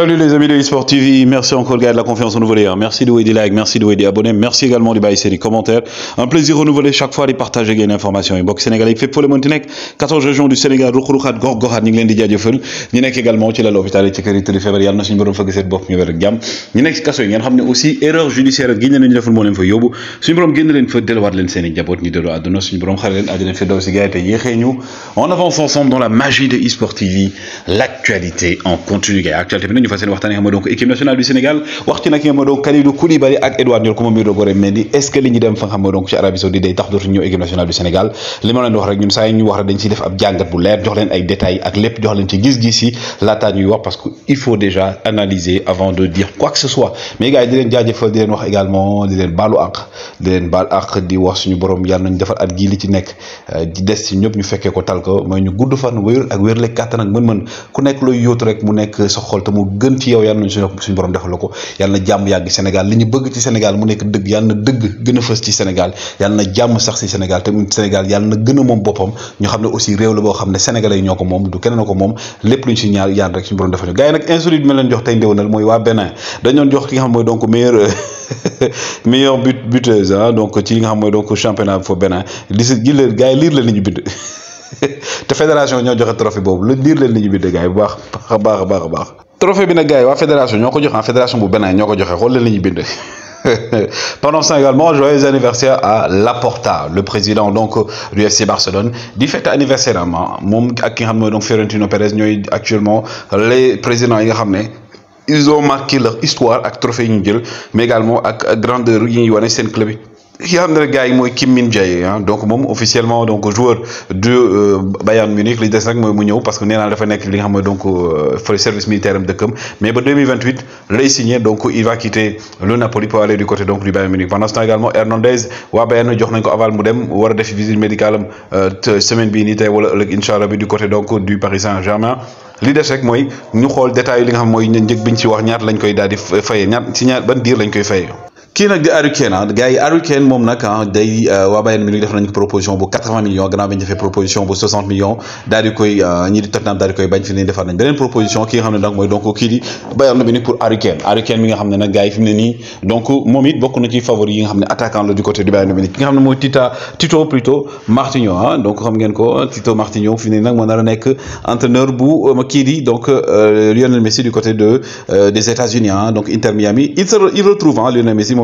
Salut les amis de eSport TV, merci encore de la confiance renouvelée. Hein. Merci de vous des likes, merci de vous des abonnés, merci également de baisser les commentaires. Un plaisir renouvelé chaque fois de partager une information. Et box sénégalais fait pour le Montenegro, 14 régions du Sénégal, Rokhroukhad, Gorgorad, Niglen Didia Diofel. Nous sommes également à l'hôpital et à l'hôpital de février. Nous sommes en cette bof, nous sommes Nous sommes aussi erreur judiciaire, nous sommes en train de faire yobu. Nous sommes en train de faire des lois de l'enseigne, nous sommes en train de faire des lois est l'enseigne, nous sommes en On avance ensemble dans la magie de e-Sport TV, l'actualité en continu. l'actualité ñu fas yéene xam donc équipe nationale du Sénégal wax ci nag xam nga donc Kalidou Koulibaly ak Edouard Ndiol ko momi do gore mel ni est-ce que li ñu dem fa xam donc ci Arabie Saoudite day tax dootuñu ñu équipe nationale du Sénégal li ma leen wax rek ñun say ñu wax rek dañ ci def ab jàngat bu leer jox leen ay détails ak lepp jox leen ci gis-gis la laataa ñuy wax parce que il faut déjà analyser avant de dire quoi que ce soit mais gars yi di leen jaajëfal di leen wax également di leen balu ak di leen bal ak di wax suñu borom yàlla nañ defal at gi li ci nekk eh, di dess ci ñop ñu fekkee ko tal ko ñu gudd fan wéyul ak wér le nak ak mën-mën ku nekk looy yóotu rek mu nekk sa xol te mu gën ci yow yàlla nañu suñu suñu borom defal ko yàlla na jàmm yàgg Sénégal li ñu bëgg ci Sénégal mu nekk dëgg yàlla na dëgg gën a fës ci Sénégal yàlla na jàmm sax si Sénégal te Sénégal yàlla na gën moom boppam ñu xam ne aussi réew la boo xam ne sénégalais yi ñoo ko moom du keneen ko moom lépp lu ñu si ñaar yaan rek suñu borom defal ñu gars yi nag insolite bi ma leen donc meilleur meilleur ah, nga xam mooy donc championnat fo Bénin li si gil gars yi liir ñu bind te fédération ñoo joxe trophée boobu lu liir leen li ñu bind gars yi bu baax a baax baax a baax trophée bi nag wa fédération ñoko jox en ah, fédération bu Bénin ñoko ko joxe xool leen bind pendant ce également joyeux anniversaire à Laporta le président donc du FC Barcelone di fête anniversaire am ah, moom ak ki nga xam ne donc Pérez actuellement les présidents yi nga ils ont marqué leur histoire ak trophée ñu jël mais également avec grandeur yi ñuy wone sen club ki nga Gay ne Kim Min Jae ah, donc mom officiellement donc joueur de euh, Bayern Munich li des nag mu ñëw parce que nee naa dafa nek li nga xam pour donc euh, service militaire de dëkkam mais ba 2028 lay signé donc il va quitter le Napoli pour aller du côté donc du Bayern Munich pendant ce temps également Hernandez wa Bayern jox nañ ko aval mu dem wara def visite médicale euh, semaine bi ni tay wala ëllëg inshallah bi du côté donc du Paris Saint-Germain. li des rek mooy ñu xol détail li nga xam moy njëg bi ñu ci wax ñaata lañ koy daal di fayee ñaat ci ñaat ban diir lañ koy fayee. Qui nag di Harry Kane ah yi Harry Kane moom nag ah, day euh, wa Bayern Munich def nañ ko proposition bu 80 millions gannaaw bi ñu proposition bu 60 millions dal di koy euh, ñi di Tottenham dal di koy bañ fi ni defal nañ benen proposition ki nga xam donc mooy donc ki di Bayern Munich pour Harry Kane Harry Kane mi nga xam nak nag yi fi ni donc momit bokku na ci favori yi nga xam attaquant la du côté du Bayern Munich ki nga xam moy Tita Tito plutôt Martinho ah, donc xam ngeen ko Tito Martinho fi ni nak nii nag nek entraîneur bu euh, ki di donc Lionel Messi du côté de des États-Unis ah, donc Inter Miami il se retrouve ah Lionel Messi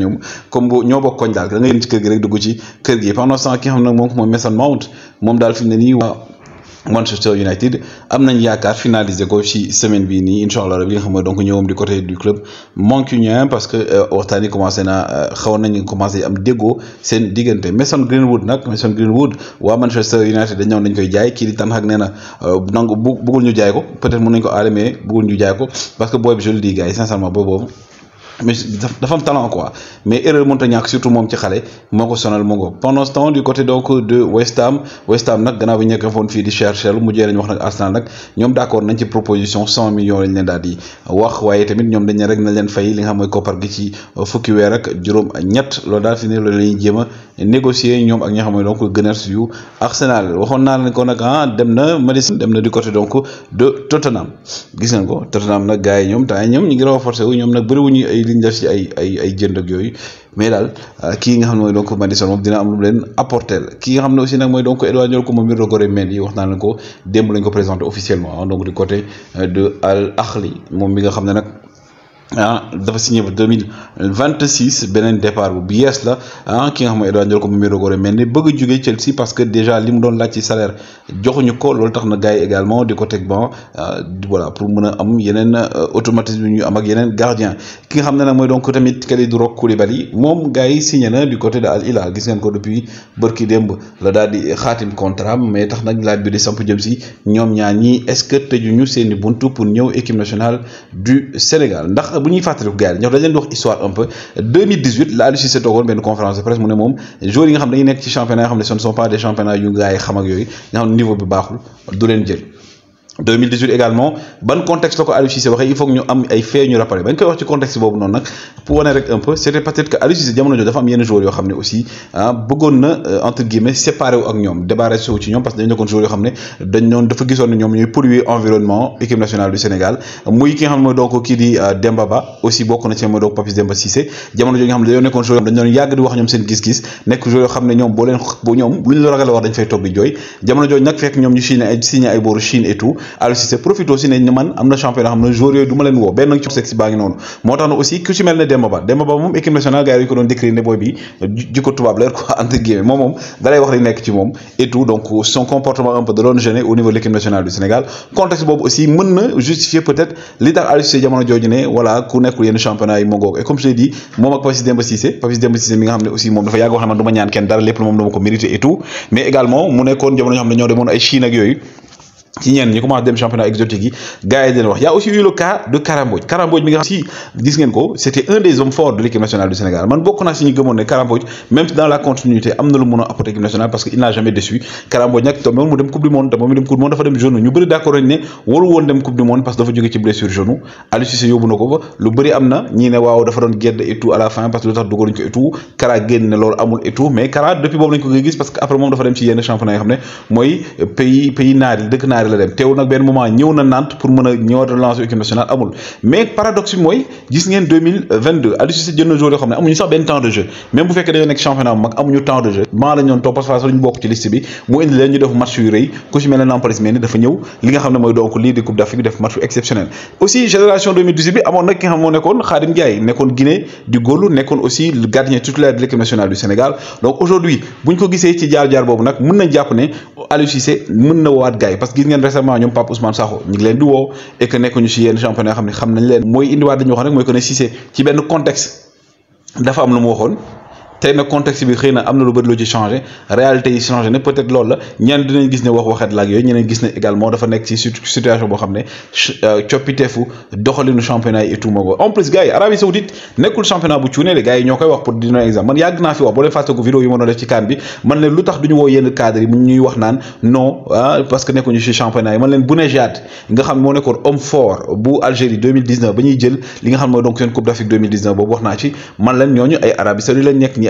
ñoom comme bu ñoo bokk koñ daal da ngay dem ci kër gi rek dugg ci kër gi pendant ce ki xam ne moom mooy moom daal fi mu ne nii waa Manchester United am nañ yaakaar finaliser ko ci semaine bii nii incha allah rabi nga xam ne donc ñëwam du côté du club que euh, waxtaan yi commencé na euh, xaw nañu commencé am déggoo seen diggante Mason Greenwood nag Mason Greenwood waa Manchester United dañ ñëw nañ koy jaay kii di Ten Hag nee na euh, nangu bu bëggul ñu jaay ko peut-être mën nañ ko aale mais bëggul ñu jaay ko parce que booy bi je le dis gars mais dafa am talent quoi mais erreur mënut a ñàkk surtout moom ci xale moo ko sonal mu pendant ce du côté donc de West Ham West Ham nag gannaaw ñoom d' ñoom dañ ne rek euh, a négocier ah, wu ñoom nag bëriwuñu ay li ñu def ci ay ay ay yooyu mais daal euh, kii nga xam ne mooy donc Madison moom dina am lu leen apporter kii nga xam ne aussi nag mooy donc Edouard ko moom Mirogoré Mendy wax naa leen ko démb lañ ko présenté officiellement donc du côté euh, de Al Ahly moom mi nga xam ne nag. ah signé en 2026 départ Chelsea parce que déjà il doon ci salaire joxuñu ko lol tax na également di ko bon ah, voilà pour am a euh, automatisme ñu am ak gardien ki nga moy donc tamit signé du côté de Al Hilal gis ngeen depuis Barki Demb la contrat mais tax nak la bi di samp est-ce que pour équipe nationale du Sénégal nous avons fait histoire un peu 2018 la Lucie Cissé toogoon une conférence de presse Les ne championnat sont pas des championnats de gars yi niveau de 2018 également ban contexte la ko waxe il faut que ñu am ay fait ñu rappeler bañ koy wax ci contexte bobu non nak pour wane rek un peu c'était peut être que Aliou jamono jooju dafa am yenn joueurs yo xamné aussi ah bëggoon na euh, entre guillemets séparé wu ak ñoom débarrassé wu ci ñom parce que dañu nekkon joueurs yo xamné ne dañ doon dafa gissone ñom ñoom ñooy polluer environnement équipe nationale du Sénégal muy ki xamné xam ne donc kii di euh, Dembaba aussi bokk na ci mooy donc Papis Demba Cissé jamono jooju nga xamné ne dañoo nekkoon joueurs yoo xam dañu doon yàgg di wax ñom seen gis-gis nekk joueurs yo xamné ñom bo len bo ñom lu la ragal wax dañ fay toog joy jamono jooju nak fekk ñom ñu signé ay signé ay booru Chine et tout si c'est profite aussi ne man amna championnat xam ne joueurs yooyu du ma leen woo ci sexe baa ngi non. moo aussi ku ci melne Demba Ba Demba Ba équipe nationale gars yi ko doon décrire ne boy bi jikko tubaab la quoi entre guillemets mom moom dalay wax li nek ci mom et tout donc son comportement un peu de doon gêné au niveau de l'équipe nationale du Sénégal contexte bobu aussi mën justifier peut-être li tax Aliou jamono jooju voilà ku nekul yene championnat yi mo ngoog et comme je l'ai dit mom ak Papis Demba Cissé Papis Demba Cissé mi nga xamné aussi moom dafa yag wax ne man du ñaan kenn dara lepp mom dama ko mériter et tout mais également mu nekkoon jamono ñoo xam ñoo demone ay Chine ak yooyu ci ñen ñi commencé dem championnat exotique yi gars yi dañ wax y' a aussi eu le cas de Karamboj Karamboj mi nga si gis ngeen ko c'était un des hommes forts de l'équipe nationale du Sénégal man bokk naa si ñu gëmoon Karamboj même dans la continuité amna lu mëna apporter équipe nationale parce que il a jamais déçu Karamboj nak te mu dem coupe du monde te moom mu dem coupe du monde dafa dem genou ñu bëri d' accord nañ ne waru woon dem coupe du monde parce que dafa joggé ci blessure genou Aliou Cissé yóbbu na ko lu bëri amna ñi né waaw dafa doon gedd et tout à la fin parce que lu tax ñu ko et tout Kara génn né loolu amul et tout mais Kara depuis bobu lañ ko gis parce que après mom dafa dem ci yenn championnat yi xam pays pays naar yi dëkk ñaari la dem téw nak ben moment ñew na Nantes pour mëna a ñëw équipe nationale amul mais paradoxe moy gis ngeen 2022 Aliou Cissé jënd joueur yoo xam ne amuñu sax ben temps de jeu même bu fekkee dañu nek championnat bu mag amuñu temps de jeu ma la ñoon top parce que suñu duñu ci liste bi mu indi leen ñu def match yu reuy ku ci mel ne Nampalys Mendy dafa ñëw li nga xamné moy donc li di Coupe d'Afrique def match exceptionnel aussi génération 2018 bi amon nak ki xam mo nekkon Khadim Ndiaye nekkon Guinée di golu nekkon aussi le gardien titulaire de l'équipe nationale du Sénégal donc aujourd'hui buñ ko gisé ci jaar-jaar bobu nak mën nañ jàpp ne Aliou Cissé mën na parce que ngeen récemment ñoom Pape Ousmane Sakho ñu leen di woo et que nekkuñu si yenn championnat yoo xam ne xam nañ leen mooy indiwaat dañu waxoon rek mooy que ne Cissé ci benn contexte dafa am lu mu waxoon tay nag contexte bi xeyna amna lu bëri lu ci changer réalité yi changer né peut-être lool la ñenn dinañ gis né wax waxet la ak yooyu ñeneen gis ne également dafa nekk ci situation bo xamné ne euh, coppiteefu doxalinu championnat yi et tout mago en plus gars yi Arabie Saoudite nekkul championnat bu cuune les gars yi ñokay wax pour di doon exemple man yag na fi wax boo leen ko vidéo yi ma doon def ci CAN bi man leen lutax duñu du ñu yenn cadre yi ñuy wax naan non ah, parce que nekkuñu ci championnat yi man leen Bounedjah nga xam mo nekkoon homme fort bu Algérie 2019 bañuy jël li nga xam mo donc sen Coupe d'Afrique 2019 bo wax na ci man leen ñoñu ay Arabie Saoudite lañ nekk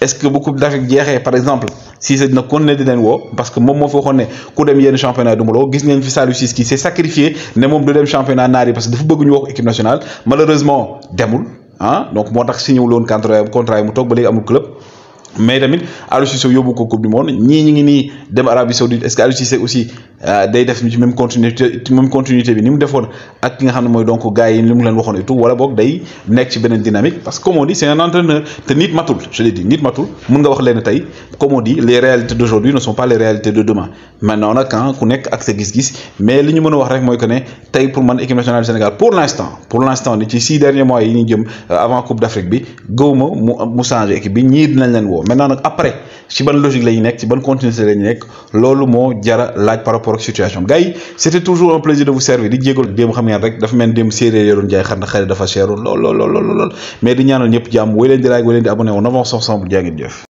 est-ce que beaucoup coupe d'Afrique par exemple si c'est nous continuer de leen wo parce que moom moo foo xoon ku dem championnat du ma la woo gis ngeen fi Saliou Siski qui s'est sacrifié né mom du dem championnat nari parce que dafa bëgg ñu woo équipe nationale malheureusement demul ah donc moo tax signé wu loon contrat contrat mu tok ba amul club mais tamit Aliou Cissé yóbbu ko coupe du monde ni ñi ngi ni dem Arabie Saoudite est-ce que Aliou Cissé aussi euh, day def ci même continuité même continuité bi ni mu defoon ak ki nga xamne moy donc gaay yi limu leen et tout wala bok day nekk ci benen dynamique parce que comme on dit c'est un entraîneur te nit matul je l'ai dit nit matul mun nga wax leen tay comme on dit les réalités d'aujourd'hui ne sont pas les réalités de demain maintenant nag ah ku nekk ak sa gis-gis mais li ñu mëna wax rek moy que ne tay pour man équipe nationale du Sénégal pour l'instant pour l'instant ni ci 6 derniers mois yi ñu jëm euh, avant Coupe d'Afrique bi gëwuma mu mu changé équipe bi ñi dinañ leen wo maintenant nag après ci ban logique lay nek ci ban continuité la ñu nekk loolu moo jara laaj par rapport ak situation gars c'était toujours un plaisir de vous servir di djegol dem xam ngeen rek dafa men dem démb séeréer jay jaay xari dafa cherou lool lool lool lool mais di ñaanal ñep jam way leen di laaj way leen di abonné on avance ensemble jaa ngeen